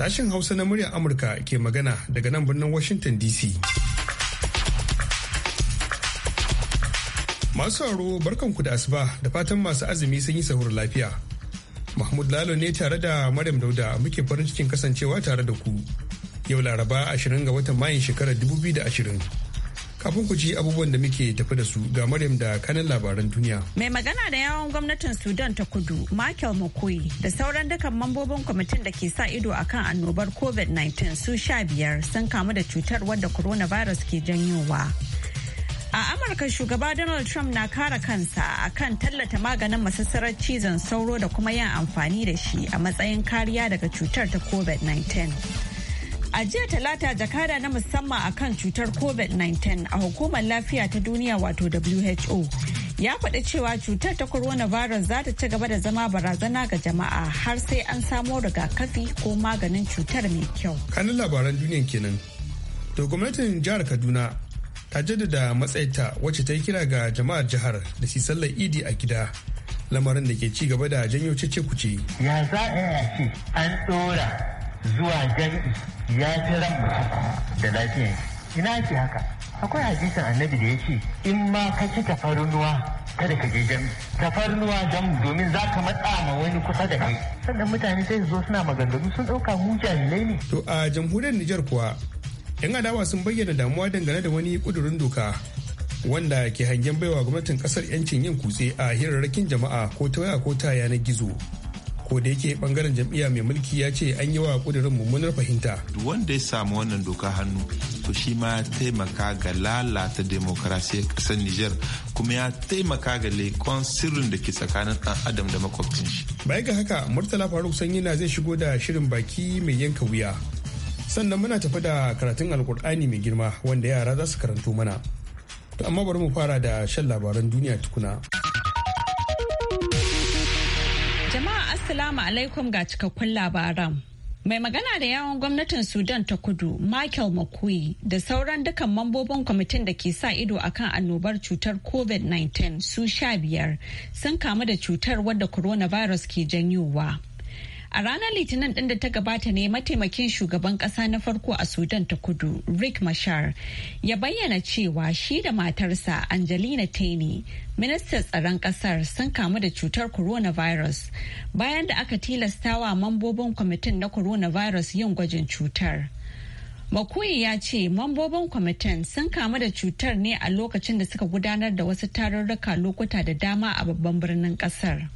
Sashen Hausa na muryar Amurka ke magana daga nan birnin Washington DC. Masu sauraro barkanku da asuba da fatan masu azumi sun yi sahur lafiya. Mahmud Lalo ne tare da Maryam Dauda muke farin cikin kasancewa tare da ku. Yau Laraba 20 ga watan mayan shekarar 2020. Kafin ku ji abubuwan da muke tafi da su ga Maryam da kanan labaran duniya. Mai magana da yawon gwamnatin Sudan ta kudu, Michael McCoy, da sauran dukkan mambobin kwamitin da ke sa ido a kan annobar COVID-19 su sha biyar sun kamu da cutar wadda coronavirus ke janyowa. A Amurka shugaba Donald Trump na kara kansa akan tallata maganin masassarar cizon sauro da kuma yin amfani da shi a matsayin kariya daga cutar ta COVID-19. A jiya talata jakada na musamman akan cutar COVID-19 a hukumar lafiya ta duniya wato WHO ya faɗi cewa cutar ta coronavirus za ta ci gaba da zama barazana ga jama'a har sai an samo rigakafi ko maganin cutar mai kyau. Kanin labaran duniyan kenan. To gwamnatin jihar Kaduna ta jaddada matsayinta wacce ta yi kira ga jama'ar jihar da su sallar idi a gida lamarin da ke ci gaba da janyo cece kuce. Ya za a ce an ɗora zuwa jami'i ya fi ran da lafiyan ina ke haka akwai hadisin annabi da ya ce in ma ka ci tafarnuwa kada ka je jami'i tafarnuwa jam domin za ka matsa ma wani kusa da kai sannan mutane sai zo suna maganganu sun ɗauka mu jahilai ne. to a jamhuriyar nijar kuwa yan adawa sun bayyana damuwa dangane da wani kudurin doka wanda ke hangen baiwa gwamnatin kasar yancin yin kutse a hirarrakin jama'a ko ta waya ko ta yanar gizo ko da yake bangaren jam'iyya mai mulki ya ce an yi wa kudirin mummunar fahimta wanda ya samu wannan doka hannu to shi ma ya taimaka ga lalata demokrasiyar kasar niger kuma ya taimaka ga lekon sirrin da ke tsakanin dan adam da makwabcin shi bai ga haka murtala faruk sanyi na zai shigo da shirin baki mai yanka wuya sannan muna tafi da karatun alkur'ani mai girma wanda yara za su karanto mana to amma bari mu fara da shan labaran duniya tukuna. Assalamu alaikum ga cikakkun labaran. Mai magana da yawon gwamnatin Sudan ta kudu Michael Makui da sauran dukan mambobin kwamitin da ke sa ido akan annobar cutar COVID-19 su sha biyar sun kamu da cutar wadda coronavirus ke janyowa. A ranar Litinin ɗin da ta gabata ne mataimakin shugaban ƙasa na farko a Sudan ta kudu, Rick Mashar, ya bayyana cewa shi da matarsa Angelina Taini, ministan tsaron ƙasar sun kamu da cutar coronavirus bayan da aka tilasta wa mambobin kwamitin na coronavirus yin gwajin cutar. Makuyi ya ce mambobin kwamitin sun kamu da cutar ne a lokacin da suka gudanar da wasu tarurruka lokuta da dama a babban birnin ƙasar.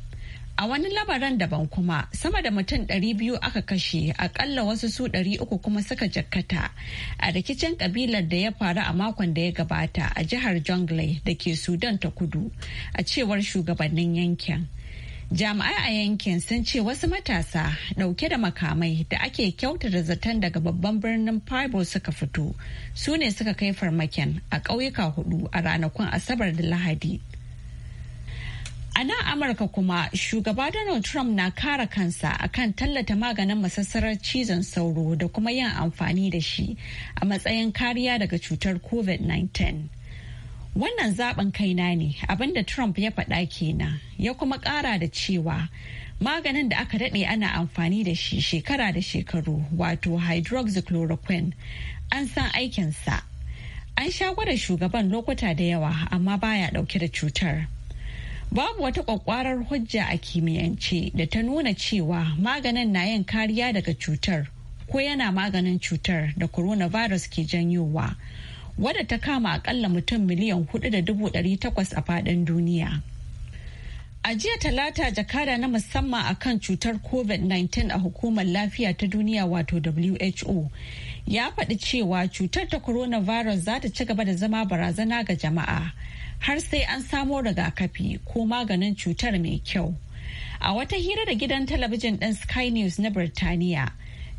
A wani labaran daban kuma sama da mutum 200 aka kashe akalla wasu su 300 kuma suka jakkata a rikicin kabilar da ya faru a makon da ya gabata a jihar Jonglei da ke Sudan ta kudu a cewar shugabannin yankin. Jami'ai a yankin sun ce wasu matasa dauke da makamai da ake kyautata zaton daga babban birnin Fibo suka fito su ne suka kai farmakin a ƙauyuka hudu a ranakun Asabar da Lahadi. A nan Amurka kuma shugaba Donald Trump na kara kansa akan tallata maganin masassarar cizon sauro da kuma yin amfani da shi a matsayin kariya daga cutar COVID-19. Wannan zaben na ne abinda Trump ya faɗa kenan ya kuma ƙara da cewa maganin da aka daɗe ana amfani da shi shekara da shekaru wato hydroxychloroquine an san aikinsa. An sha gwada shugaban lokuta da yawa amma baya ɗauke da cutar. babu wata kwakwarar hujja a kimiyyance da ta nuna cewa maganin na yin kariya daga cutar ko yana maganin cutar da coronavirus ke janyowa wadda ta kama akalla mutum miliyan 4.800 a fadin duniya a jiya talata jakada na musamman akan cutar covid-19 a hukumar lafiya ta duniya wato who ya faɗi cewa cutar ta coronavirus za ta ci gaba da zama barazana ga jama'a har sai an samo rigakafi ko maganin cutar mai kyau. A wata hira da gidan talabijin ɗin Sky News na Birtaniya,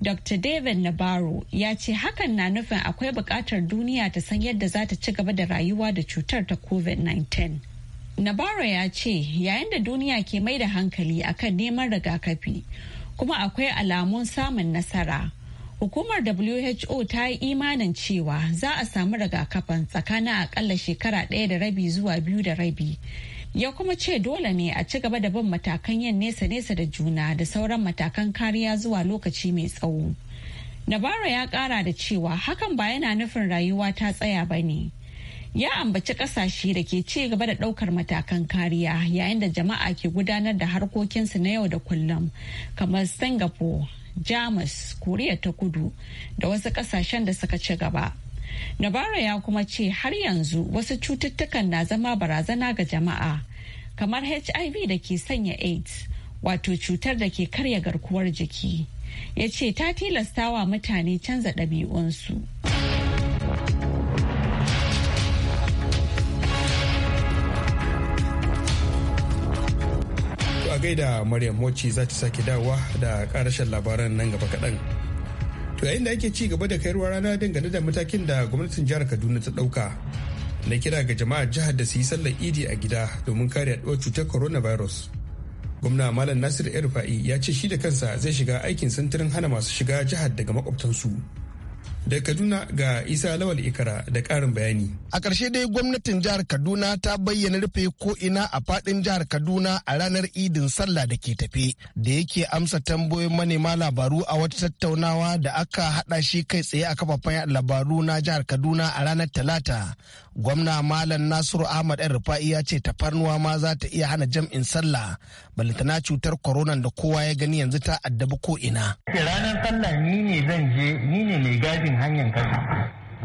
Dr. David nabaro ya ce hakan na nufin akwai buƙatar duniya ta san yadda za ta ci gaba da rayuwa da cutar ta COVID-19. nabaro ya ce yayin da duniya ke mai da hankali akan neman rigakafi, kuma akwai alamun samun nasara. Hukumar WHO ta yi imanin cewa za a samu rigakafin tsakanin akalla shekara ɗaya da rabi zuwa biyu da rabi. Ya kuma ce dole ne a ci gaba da bin matakan yin nesa-nesa da juna da sauran matakan kariya zuwa lokaci mai tsawo. nabaro ya kara da cewa hakan ba yana nufin rayuwa ta tsaya ba ne. ya ambaci kasashe da ke ci gaba da daukar matakan kariya yayin da jama'a ke gudanar da harkokinsu na yau da kullum kamar singapore jamus koriya ta kudu da wasu kasashen da suka ci gaba nabara ya kuma ce har yanzu wasu cututtukan na zama barazana ga jama'a kamar hiv da ke sanya aids wato cutar da ke karya garkuwar jiki ya ce ta tilastawa mutane canza ɗabi'unsu. kai da Maryam Mochi za ta sake dawowa da karashen labaran nan gaba kaɗan. To yayin da ake ci gaba da kayarwa rana dangane da matakin da gwamnatin jihar Kaduna ta ɗauka na kira ga jama'ar jihar da su yi sallar idi a gida domin kare yaduwar cutar coronavirus. Gwamna Malam Nasir Erfa'i ya ce shi da kansa zai shiga aikin sintirin hana masu shiga jihar daga makwabtansu. Da Kaduna ga Isa Lawal Ikara da ƙarin bayani. A ƙarshe dai gwamnatin jihar Kaduna ta bayyana rufe ko'ina a faɗin jihar Kaduna a ranar Idin Sallah da ke tafe da yake amsa tambayoyin manema labaru a wata tattaunawa da aka haɗa shi kai tsaye a kafafen labaru na jihar Kaduna a ranar Talata. Gwamna Malam Nasiru Ahmad ɗan Rufa'i ya ce tafarnuwa ma za ta iya hana jam'in sallah balantana cutar koronan da kowa ya gani yanzu ta addabi ko'ina. Ranar sallah ni ne zan je ni ne mai gadin gadin hanyar kasa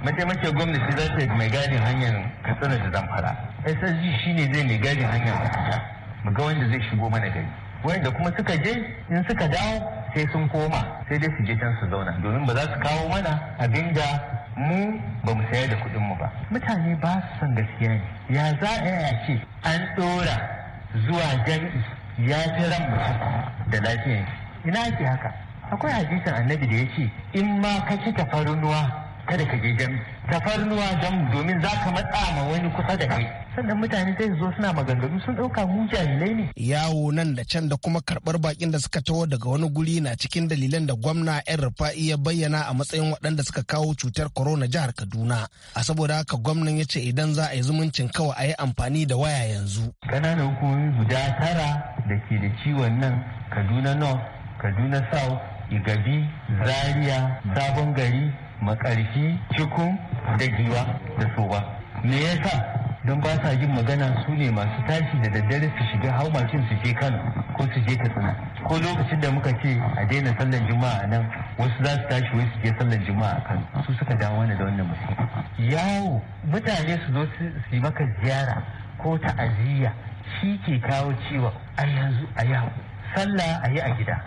mace mace gwamnati za ta mai gadin hanyar katsina da zamfara ssg ne zai mai gadin hanyar kasa mu ga wanda zai shigo mana gari wanda kuma suka je in suka dawo sai sun koma sai dai su je can su zauna domin ba za su kawo mana abin da mu ba mu sayar da kuɗin mu ba mutane ba su san gaskiya ne ya za a yaya ce an ɗora zuwa jami'i ya fi ran mutum da lafiya ina ake haka akwai hadisin annabi da ya ce in ma ka ci tafarnuwa kada ka je jami tafarnuwa jam domin za ka matsa ma wani kusa da kai sannan mutane sai zo suna maganganu sun ɗauka mu jahilai ne yawo nan da can da kuma karɓar bakin da suka taho daga wani guri na cikin dalilan da gwamna yan rufa'i ya bayyana a matsayin waɗanda suka kawo cutar corona jihar kaduna a saboda haka gwamnan ya ce idan za a yi zumuncin kawai a yi amfani da waya yanzu ƙananan hukumomi guda tara da ke da ciwon nan kaduna north kaduna south igabi zaria sabon gari makarfi cikun da giwa da soba me yasa don ba sa yin magana su ne masu tashi da daddare su shiga hau mashin su je kano ko su je katsina ko lokacin da muka ce a daina sallan juma'a nan wasu za su tashi wai su je sallan juma'a a kano su suka dawo wani da wannan mutum yawo mutane su zo su yi maka ziyara ko ta'aziyya shi ke kawo ciwo a yanzu a yawo sallah a yi a gida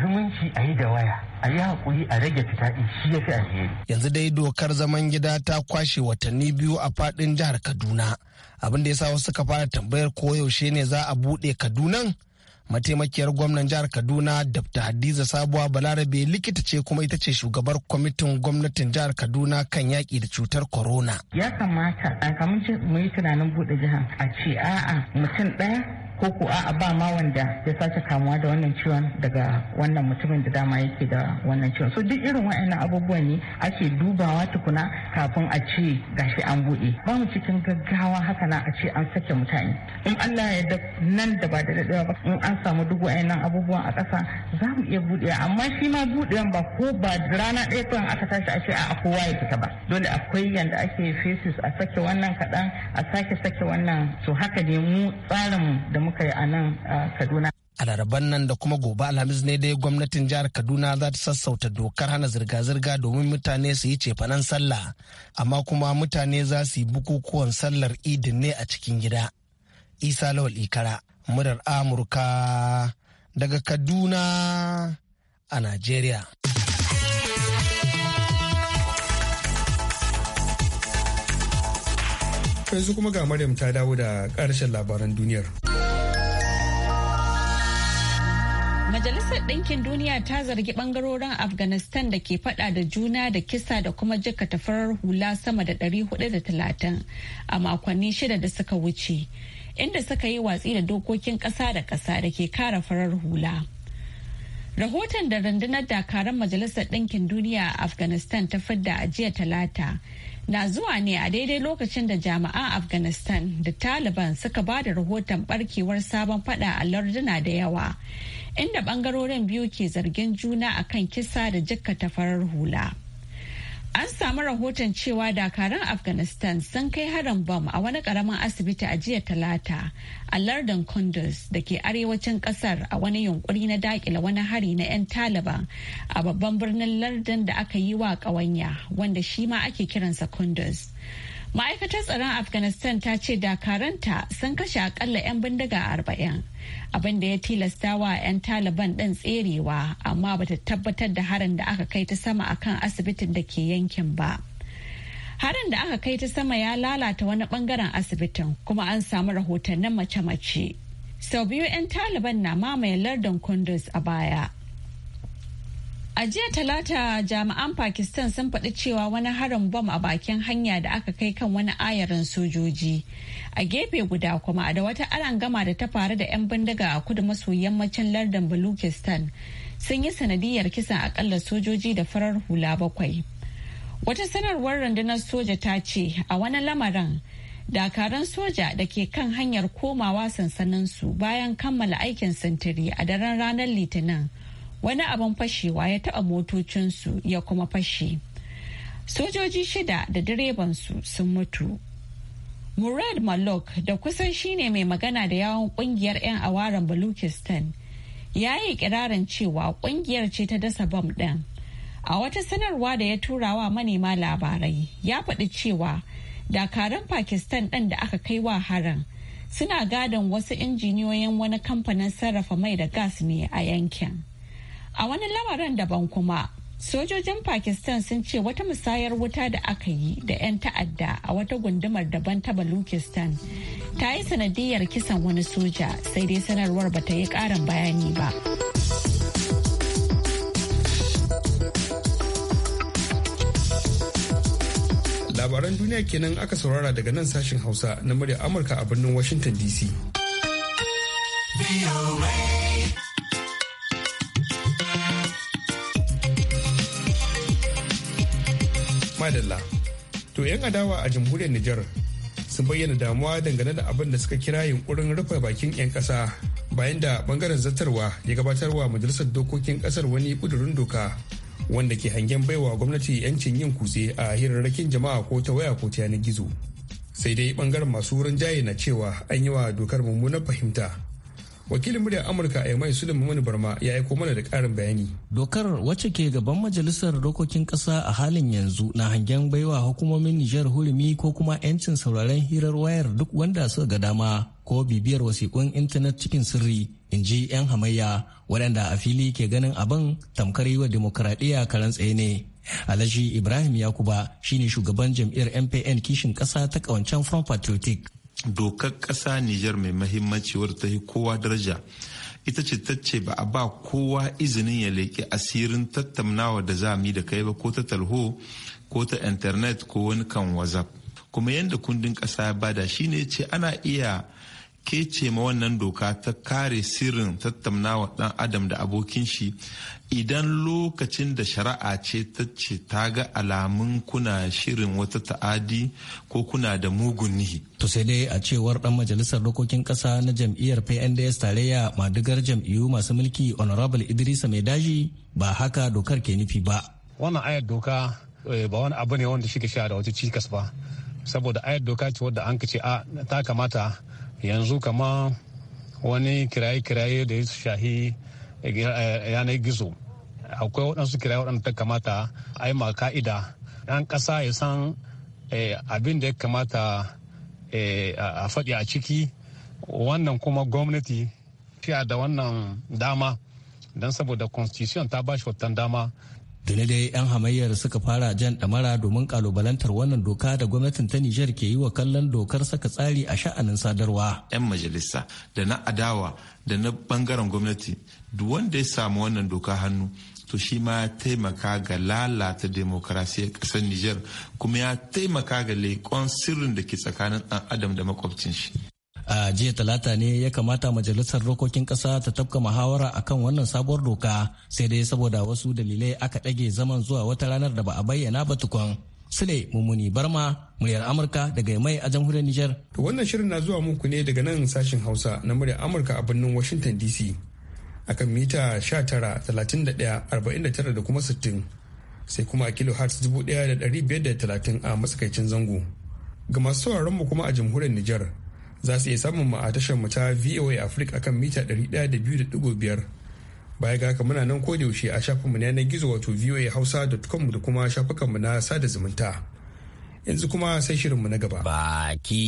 zumunci a yi da waya a yi hakuri a rage fitaɗi shi ya fi alheri. yanzu dai dokar zaman gida ta kwashe watanni biyu a faɗin jihar kaduna abin da ya sa wasu suka fara tambayar ko yaushe ne za a buɗe kadunan mataimakiyar gwamnan jihar kaduna dr hadiza sabuwa balarabe likita ce kuma ita ce shugabar kwamitin gwamnatin jihar kaduna kan yaƙi da cutar corona ya kamata a kamar mu yi tunanin buɗe jihar a ce a'a mutum ɗaya ko ko a ba ma wanda ya sake kamuwa da wannan ciwon daga wannan mutumin da dama yake da wannan ciwon so duk irin waɗannan abubuwan ne ake dubawa tukuna kafin a ce gashi an buɗe ba mu cikin gaggawa haka na a ce an sake mutane in Allah ya da nan da ba da daɗewa ba in an samu duk waɗannan abubuwan a ƙasa za mu iya buɗewa amma shi ma buɗewan ba ko ba rana ɗaya kawai aka tashi a ce a kowa ya fita ba dole akwai yanda ake fesis a sake wannan kaɗan a sake sake wannan to haka ne mu tsarin da mu. muka a nan kaduna a laraban nan da kuma gobe alhamis ne dai gwamnatin jihar kaduna za ta sassauta dokar hana zirga-zirga domin mutane su yi cefanen sallah amma kuma mutane za su yi bukukuwan sallar idin ne a cikin gida isa lawal ikara murar amurka daga kaduna a najeriya yanzu kuma ga maryam ta dawo da ƙarshen labaran duniyar. Majalisar Ɗinkin Duniya ta zargi bangarorin Afghanistan da ke faɗa da juna da kisa da kuma jikata farar hula sama da 430 a makonni shida da suka wuce, inda suka yi watsi da dokokin ƙasa da ƙasa da ke kara farar hula. Rahoton da rundunar dakaran Majalisar Ɗinkin Duniya a Afghanistan ta fidda a jiya talata na zuwa ne a daidai lokacin da jami'an afghanistan da taliban suka ba da rahoton barkewar sabon fada a larduna da yawa inda bangarorin biyu ke zargin juna akan kisa da jikkata farar hula An samu rahoton cewa dakaran Afghanistan sun kai harin bam a wani karamin asibiti a jiya talata a lardin Kunduz da ke arewacin kasar a wani yunkuri na dakila wani hari na 'yan Taliban a babban birnin lardin da aka yi wa ƙawanya wanda shi ma ake kiransa Kunduz. ma'aikatar tsaron afghanistan ta ce dakaranta sun kashe akalla 'yan bindiga arba'in abin da ya tilasta wa 'yan taliban ɗin tserewa amma bata tabbatar da harin da aka kai ta sama akan asibitin da ke yankin ba harin da aka kai ta sama ya lalata wani bangaren asibitin kuma an samu rahoton rahotannin mace-mace sau biyu 'yan taliban na mamaye lardin kundus a baya A jiya talata jami'an Pakistan sun faɗi cewa wani harin bom a bakin hanya da aka kai kan wani ayarin sojoji. A gefe guda kuma da wata gama da ta faru da 'yan bindiga a kudu maso yammacin lardin Baluchistan sun yi sanadiyar kisan akalla sojoji da farar hula bakwai. Wata sanarwar rundunar soja ta ce a wani lamarin dakaran soja da ke kan hanyar komawa sansaninsu bayan kammala aikin sintiri a daren ranar litinin. wani abin fashewa ya taɓa motocinsu ya kuma fashe sojoji shida da direbansu sun mutu murad malok da kusan shine mai magana da yawon kungiyar 'yan awaren balukistan ya yi kirarin cewa kungiyar ce ta dasa bam ɗin a wata sanarwa da ya tura wa manema labarai ya faɗi cewa dakarun pakistan ɗin da aka kai wa haran suna gadon wasu injiniyoyin wani kamfanin sarrafa mai da gas ne a yankin. a wani lamarin daban kuma sojojin pakistan sun ce wata musayar wuta da aka yi da 'yan ta'adda a wata gundumar daban ta balukistan ta yi sanadiyar kisan wani soja sai dai sanarwar ba ta yi karin bayani ba labaran duniya kenan aka saurara daga nan sashen hausa na murya amurka a birnin washington dc madalla to 'yan adawa a jamhuriyar nijar sun bayyana damuwa dangane da abin da suka kira yunkurin rufe bakin 'yan kasa bayan da bangaren zartarwa ya gabatarwa majalisar dokokin kasar wani kudurin doka wanda ke hangen baiwa gwamnati 'yancin yin kutse a hirarrakin jama'a ko ta waya ko ta yanar gizo sai dai bangaren masu jaye na cewa an yi wa dokar mummunar fahimta wakilin muryar amurka a mai sulim mamani barma ya aiko mana da karin bayani dokar wacce ke gaban majalisar dokokin kasa a halin yanzu na hangen baiwa hukumomin nijar hurumi ko kuma 'yancin sauraren hirar wayar duk wanda suka ga dama ko bibiyar wasiƙun intanet cikin sirri in ji 'yan hamayya waɗanda a fili ke ganin abin tamkar yi wa dimokuraɗiyya karan tsaye ne alhaji ibrahim yakuba shine shugaban jam'iyyar mpn kishin ƙasa ta ƙawancen front patriotic dokar ƙasa Nijar mai mahimmanci wadda ta yi kowa daraja ita ce ta ce ba a ba kowa izinin ya leƙi asirin tattaunawa da za mu yi da kai ba ko ta talho ko ta intanet ko wani kan whatsapp kuma yadda kundin ƙasa ya bada shine ce ana iya kece ma wannan doka ta kare sirrin tattaunawa dan adam da abokin shi idan lokacin da shari'a ce ta ce ta ga alamun kuna shirin wata ta'adi ko kuna da mugun nihi. To sai dai a cewar dan majalisar dokokin kasa na jam'iyyar PNDS tarayya madigar jam'iyyu masu mulki honorable Idrisa Mai daji ba haka dokar ke nufi ba. Wannan ayar doka eh, ba wani abu ne wanda shi ka sha da wata cikas ba. Saboda ayar doka ce wadda an ce a ta kamata yanzu kama wani kiraye-kiraye da ya shahi eh, eh, yanar gizo akwai waɗansu kiraye waɗanda ta kamata a yi ma ka'ida ɗan ƙasa ya san eh, abin da ya kamata a faɗi a ciki wannan kuma gwamnati fiya da wannan dama don saboda constitution ta ba shi dama na dai 'yan hamayyar suka fara jan ɗamara domin kalubalantar wannan doka da gwamnatin ta Nijar ke yi wa kallon dokar saka tsari a sha'anin sadarwa. 'Yan majalisa da na adawa da na bangaren gwamnati duk wanda ya samu wannan doka hannu to shi ma ya taimaka ga lalata demokarasiyyar ƙasar Nijar kuma ya taimaka ga leƙon sirrin da ke tsakanin ɗan adam da makwabcin shi. a jiya talata ne ya kamata majalisar dokokin kasa ta tafka muhawara akan wannan sabuwar doka sai dai saboda wasu dalilai aka ɗage zaman zuwa wata ranar da ba a bayyana ba tukun sule mummuni barma muryar amurka daga mai a jamhuriyar niger wannan shirin na zuwa muku ne daga nan sashin hausa na muryar amurka a birnin washington dc akan mita tara talatin da kuma 60 sai kuma a da 1530 a matsakaicin zango ga masu sauraron mu kuma a jamhuriyar niger za su iya samun mu a tashar mu ta VOA Africa kan mita 102.5 baya ga haka muna nan ko da yaushe a shafin mu na yanar gizo wato voahausa.com da kuma shafukan mu na sada zumunta yanzu kuma sai shirin mu na gaba baki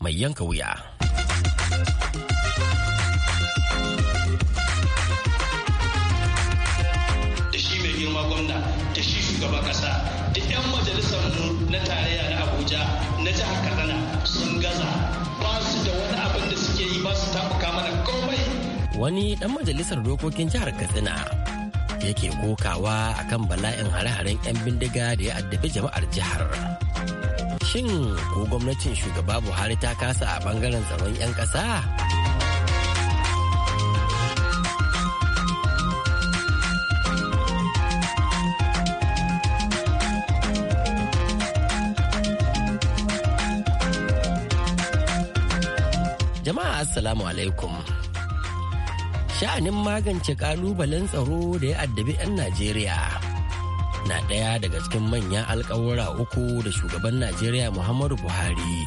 mai yanka wuya da shi mai girma gwamna da shi shugaban kasa da 'yan majalisar mu na tarayya na abuja na jihar su mana komai wani ɗan majalisar dokokin jihar katsina yake kokawa akan bala'in hare-haren 'yan bindiga da ya addabi jama'ar jihar shin ko gwamnatin shugaba buhari ta kasa a bangaren tsaron 'yan ƙasa? assalamu alaikum sha'anin magance kalubalen tsaro da ya addabi 'yan najeriya na ɗaya daga cikin manyan alkawura uku da shugaban najeriya muhammadu buhari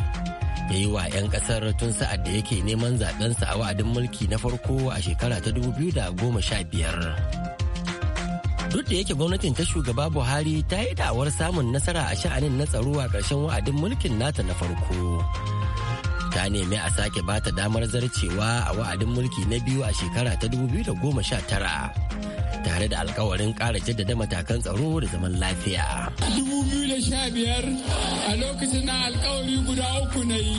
ya yi wa 'yan ƙasar tun sa'ad da yake neman zaɓensa a wa'adin mulki na farko a shekara ta da goma sha biyar. duk da yake gwamnatin ta shugaba buhari ta yi da'awar samun nasara a sha'anin na tsaro a ƙarshen wa'adin mulkin nata na farko ta nemi a sake bata damar zarcewa a wa'adin mulki na biyu a shekara ta 2019 tare da alkawarin kara jaddada matakan tsaro da zaman lafiya. 2015 a lokacin na alkawari guda uku na yi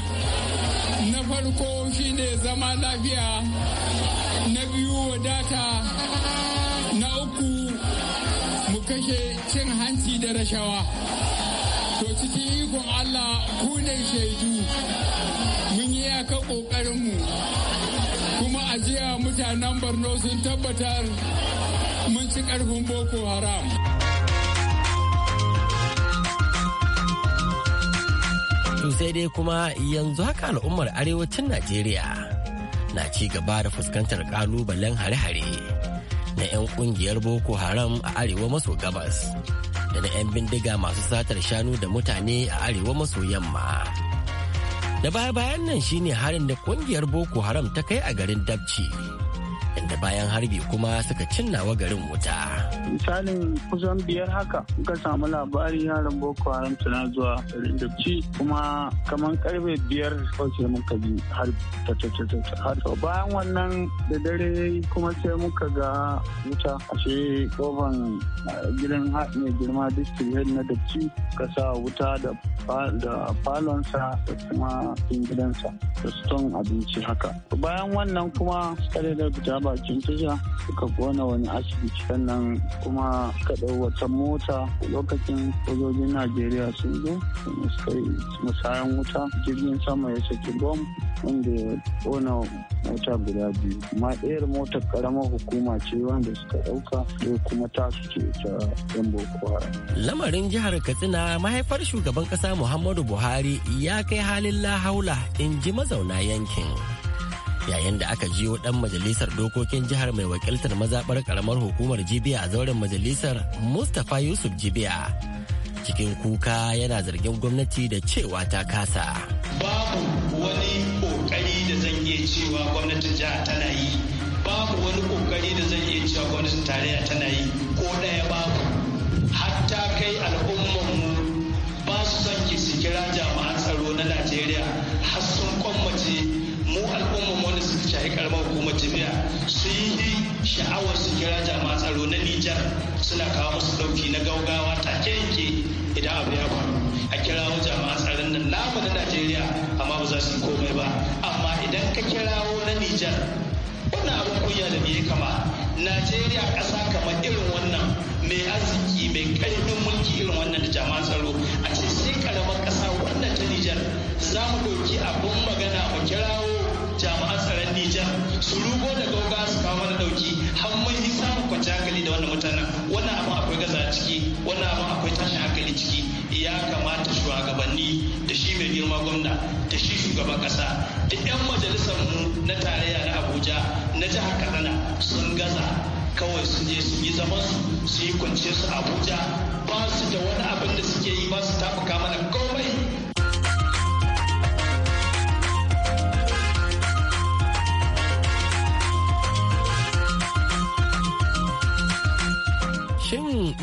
na farko shine zama lafiya na biyu wadata na uku mu kashe cin hanci da rashawa. ikon Allah ku shaidu mun yi aka ƙoƙarinmu kuma ajiya jiya mutanen Borno sun tabbatar mun ci ƙarfin Boko Haram. To sai dai kuma yanzu haka al'ummar arewacin Najeriya na ci gaba da fuskantar kalubalen hare-hare na 'yan kungiyar Boko Haram a arewa maso gabas da na 'yan bindiga masu satar shanu da mutane a arewa maso yamma. Da baya-bayan nan shine harin da kungiyar Boko Haram ta kai a garin Dabci. inda bayan harbi kuma suka cinnawa garin wuta. Misalin kusan biyar haka muka samu labari yaran Boko Haram suna zuwa garin Dabci kuma kamar karfe biyar sai muka bi har har bayan wannan da dare kuma sai muka ga wuta ashe kofan eh, gidan mai girma district head na Dabci ka sa wuta da falonsa da kuma gidansa da ston abinci haka. Bayan wannan kuma kare da fita bakin tuja suka kona wani asibiti sannan kuma ka wata mota lokacin sojojin najeriya sun zo suka yi musayan wuta jirgin sama ya saki bom wanda ya kona mota guda biyu amma ɗayar motar karamar hukuma ce wanda suka ɗauka da kuma ta ce ta yan boko lamarin jihar katsina mahaifar shugaban ƙasa muhammadu buhari ya kai halin lahaula in ji mazauna yankin yayin da aka jiyo dan majalisar dokokin jihar mai wakiltar Mazabar karamar hukumar jibiya a zauren majalisar mustapha yusuf jibiya cikin kuka yana zargin gwamnati da cewa ta kasa babu wani kokari da zan iya cewa gwamnatin jihar tana yi babu wani kokari da zan iya cewa gwamnatin tarayya tana yi ko ɗaya babu hatta kai mu ba su son ki su kira jami'an tsaro na najeriya har sun kwammace mu al'umma wanda suka shahi karamar hukumar jami'a sun yi sha'awar su kira jama'a tsaro na nijar suna kawo musu dauki na gaugawa take yanke idan abu ya faru a kirawo jama'a tsaron nan namu na najeriya amma ba za su komai ba amma idan ka kirawo na nijar wannan abin kunya da bai kama najeriya ƙasa kamar irin wannan mai arziki mai ƙarfin mulki irin wannan da jama'a tsaro a ce sai karamar ƙasa wannan ta nijar za mu ɗauki abin magana mu kirawo jami'an tsaron Nijar su rugo da gauga su kawo mana dauki har mun yi samun kwanciyar hankali da wannan mutanen wannan abin akwai gaza ciki wannan abin akwai tashin hankali ciki ya kamata shugabanni da shi mai girma gwamna da shi shugaban kasa da 'yan majalisar mu na tarayya na Abuja na jihar Katsina sun gaza kawai sun je su yi zaman su su yi kwanciyar su Abuja ba su da wani abin da suke yi ba su tafuka mana komai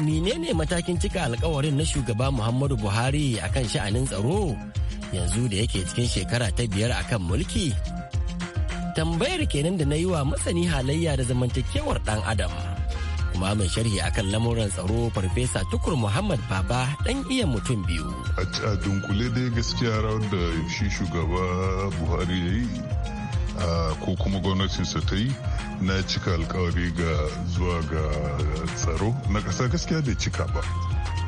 menene matakin cika alkawarin na shugaba Muhammadu Buhari akan sha'anin tsaro yanzu da yake cikin shekara ta biyar akan mulki? Tambayar kenan da na yi wa masani halayya da zamantakewar ɗan Adam. kuma mai sharhi akan lamuran tsaro farfesa tukur muhammad baba ɗan iya mutum biyu a dunkule dai gaskiya da shi shugaba buhari ya yi ko kuma sa ta yi na cika alkawari ga zuwa ga tsaro na ƙasa gaskiya bai cika ba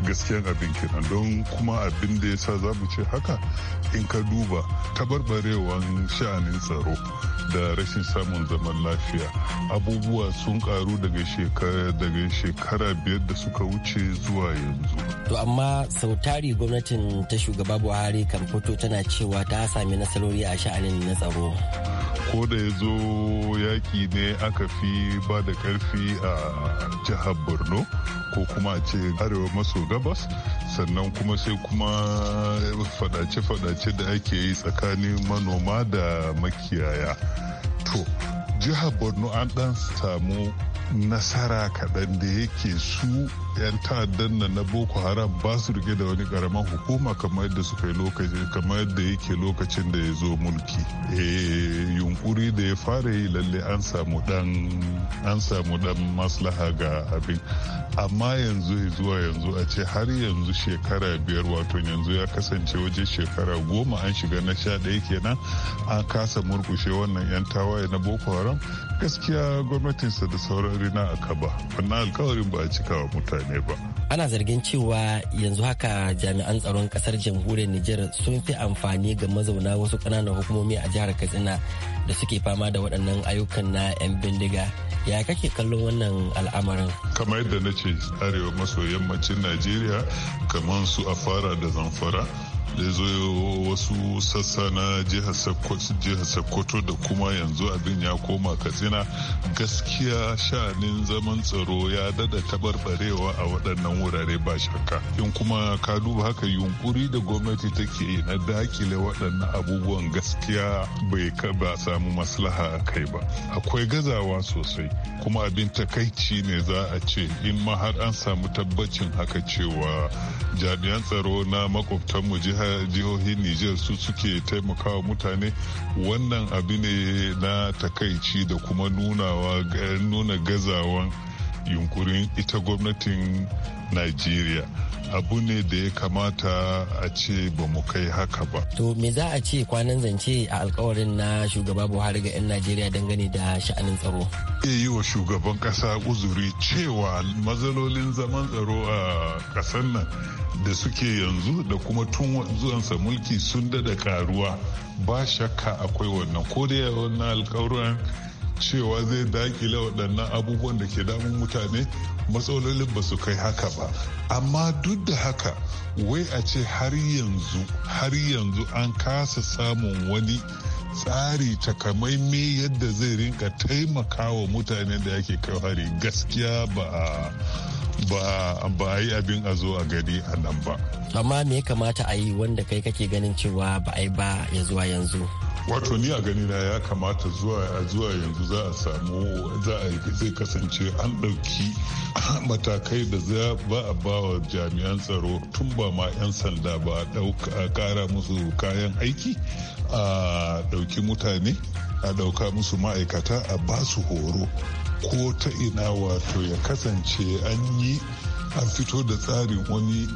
gaskiyan abin kenan don kuma abin da ya sa za mu ce haka in ka duba tabarbarewan sha'anin tsaro da rashin samun zaman lafiya abubuwa sun karu daga shekara biyar da suka wuce zuwa yanzu to amma sautari gwamnatin ta shugaba buhari kan fito tana cewa ta sami nasarori a sha'anin na tsaro ko da ya zo yaƙi ne aka fi ba da ƙarfi a jihar borno ko kuma a ce arewa maso gabas sannan kuma sai kuma fadace-fadace da ake yi tsakanin manoma da makiyaya 处。jihar borno an dan samu nasara kaɗan da yake su 'yan ta'addan nan na boko haram ba su rike da wani karaman hukuma kamar yadda suka yi lokacin kamar yadda yake lokacin da ya zo mulki eh, yunkuri da ya fara yi lalle an samu dan an samu dan maslaha ga abin amma yanzu zuwa yanzu a ce har yanzu shekara biyar wato yanzu ya kasance waje shekara goma an shiga na sha ɗaya kenan an kasa murkushe wannan 'yan tawaye na boko haram haram gaskiya gwamnatinsa da sauran rina a kaba wannan alkawarin ba a cika wa mutane ba ana zargin cewa yanzu haka jami'an tsaron kasar jamhuriyar niger sun fi amfani ga mazauna wasu ƙananan hukumomi a jihar katsina da suke fama da waɗannan ayyukan na 'yan bindiga ya kake kallon wannan al'amarin kamar yadda na ce arewa maso yammacin najeriya kamar su afara da zamfara da zo wasu sassa na jihar sokoto da kuma yanzu abin ya koma katsina gaskiya sha'anin zaman tsaro ya dada tabarbarewa a waɗannan wurare ba shakka in kuma ka duba haka yunkuri da gwamnati take yi na dakile waɗannan abubuwan gaskiya bai ba samu maslaha a kai ba akwai gazawa sosai kuma abin takaici ne za a ce in ma har an samu tabbacin haka cewa jami'an tsaro na makwabtanmu jihar jihohin Nijar su suke taimakawa mutane wannan abu ne na takaici da kuma nuna gazawan yunkurin ita gwamnatin Najeriya. abu ne da ya kamata a ce ba mu kai haka ba. To me za a ce kwanan zance a alkawarin na shugaba Buhari ga 'yan Najeriya dangane da sha'anin tsaro? yi wa shugaban kasa uzuri cewa mazalolin zaman tsaro a ƙasar nan da suke yanzu da kuma tun zuwansa mulki sun dada karuwa ba shakka akwai wannan ko da wannan alkawuran cewa zai dakile waɗannan abubuwan da ke damun mutane matsalolin ba su kai haka ba amma duk da haka wai a ce har yanzu har yanzu an kasa samun wani tsari takamaimai yadda zai rinka taimakawa mutane da yake kai hari gaskiya ba ba ba yi abin a zo a gani a nan ba amma me ya kamata a yi wanda kai kake ganin cewa ba a yi ba ya zuwa yanzu wato ni a gani na ya kamata zuwa a zuwa yanzu za a samu za a yi zai kasance an ɗauki matakai da za ba a ba wa jami'an tsaro tun ba ma 'yan sanda ba a ƙara musu kayan aiki a ɗauki mutane a ɗauka musu ma'aikata a ba su horo ko ta ina wato ya kasance an yi an fito da tsarin wani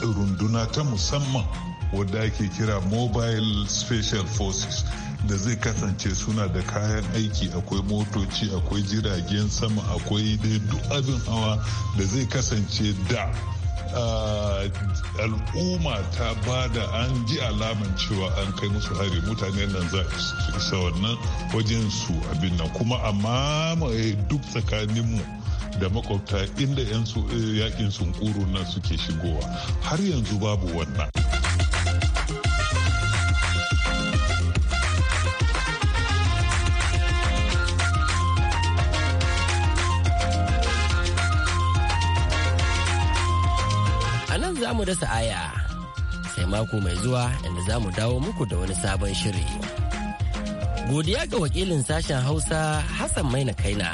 runduna ta musamman wadda ake kira mobile special forces da zai kasance suna da kayan aiki akwai motoci akwai jiragen sama akwai duk abin hawa da zai kasance da al'umma ta ba da an ji alaman cewa an kai musu hari mutane nan za su isa wannan wajen su abin nan kuma amma mamaye duk tsakaninmu da makwabta inda 'yan eh, yakin sunkuru nan suke shigowa har yanzu babu wannan. za mu dasa aya sai mako mai zuwa inda za mu dawo muku da wani sabon shiri. Godiya ga wakilin sashen Hausa Hassan Maina Kaina.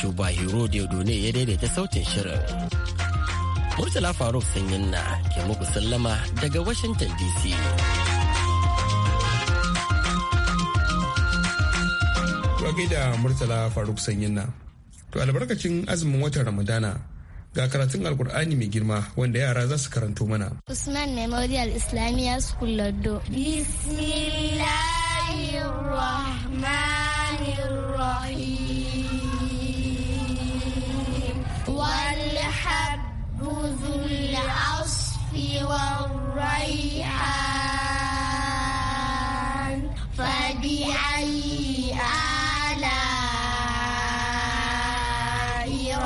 Cuba Hero Diodone ya daidaita sautin shirin. Murtala Faruk Sanyin na ke muku sallama daga Washington DC. Wage da Murtala Faruk Sanyin na. To albarkacin azumin watan Ramadana ga karatun alkur'ani mai girma wanda yara za su karanto mana usman memorial islamiyya school lardo bismillahirrahmanirrahim والحب ذو العصف والريحان فبأي آلاء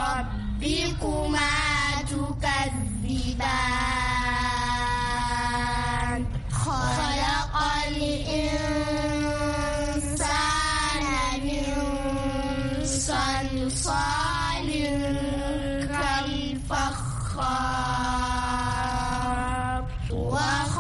ربكم كالفخار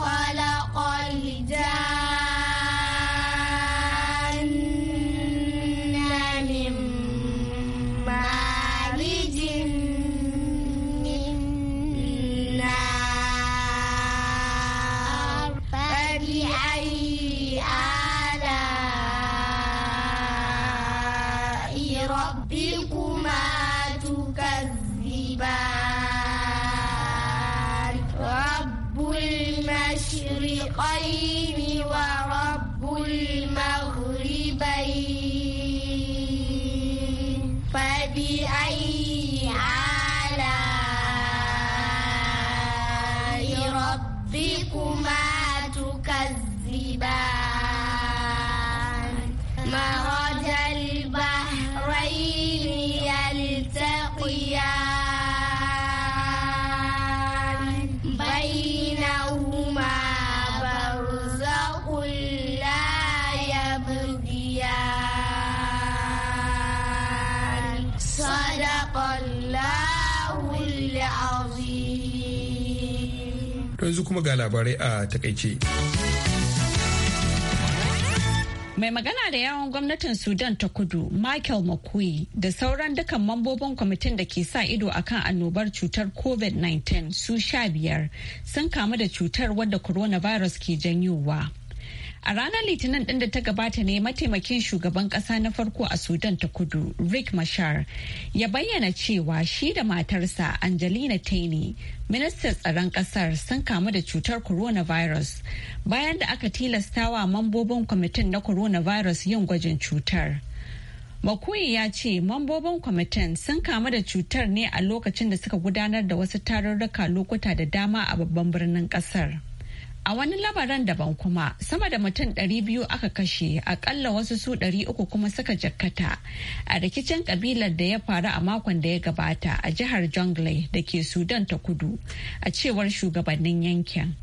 yanzu kuma ga labarai a takaice. mai magana da yawon gwamnatin sudan ta kudu michael makui da sauran dukan mambobin kwamitin da ke sa ido a kan annobar cutar covid-19 su sha biyar sun kamu da cutar wadda coronavirus ke janyowa A ranar Litinin ɗin da ta gabata ne mataimakin shugaban ƙasa na farko a Sudan ta kudu, Rick Mashar, ya bayyana cewa shi da matarsa Angelina Taini, ministan tsaron ƙasar sun kamu da cutar coronavirus bayan da aka tilasta wa mambobin kwamitin na coronavirus yin gwajin cutar. Makuyi ya ce mambobin kwamitin sun kamu da cutar ne a lokacin da suka gudanar da wasu tarurruka lokuta da dama a babban birnin ƙasar. A wani labaran daban kuma sama da mutum 200 aka kashe akalla wasu su 300 kuma suka jakkata a rikicin kabilar da ya faru a makon da ya gabata a jihar Jonglei da ke Sudan ta kudu a cewar shugabannin yankin.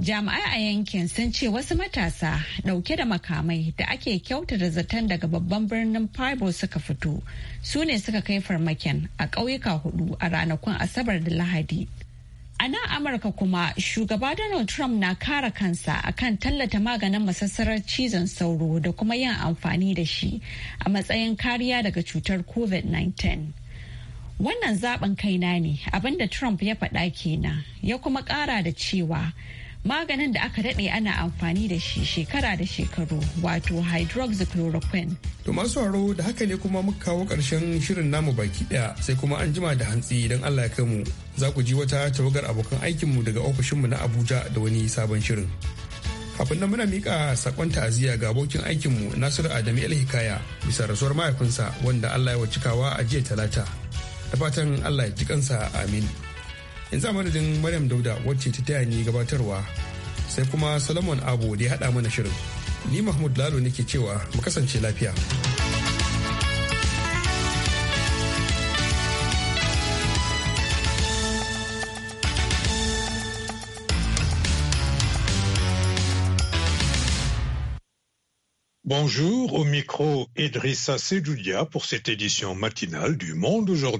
Jami'ai a yankin sun ce wasu matasa dauke da makamai da ake kyautata zaton daga babban birnin Fibo suka fito su ne suka kai farmakin a ƙauyuka hudu a ranakun Asabar da Lahadi. A nan Amurka kuma shugaba Donald Trump na kara kansa akan tallata maganin masassarar cizon sauro da kuma yin amfani da shi a matsayin kariya daga cutar COVID-19. Wannan zaben kaina ne abinda Trump ya faɗa kenan ya kuma ƙara da cewa maganin da aka daɗe ana amfani da shi shekara da shekaru wato hydroxychloroquine. To masu haro da haka ne kuma muka kawo ƙarshen shirin namu baki ɗaya sai kuma an jima da hantsi idan Allah ya kai mu za ku ji wata tawagar abokan aikinmu daga ofishinmu na Abuja da wani sabon shirin. Kafin nan muna miƙa saƙon ta'aziyya ga abokin aikinmu Nasiru Adamu El Hikaya bisa rasuwar mahaifinsa wanda Allah ya wa cikawa a jiya talata. Da fatan Allah ya ji kansa amin. yanzu a madadin maryam dauda wacce ta taya ni gabatarwa sai kuma solomon abu da ya hada mana shirin ni mahmud lalo nake cewa mu kasance lafiya. Bonjour, au micro Idrissa Sedoudia pour cette édition matinale du Monde aujourd'hui.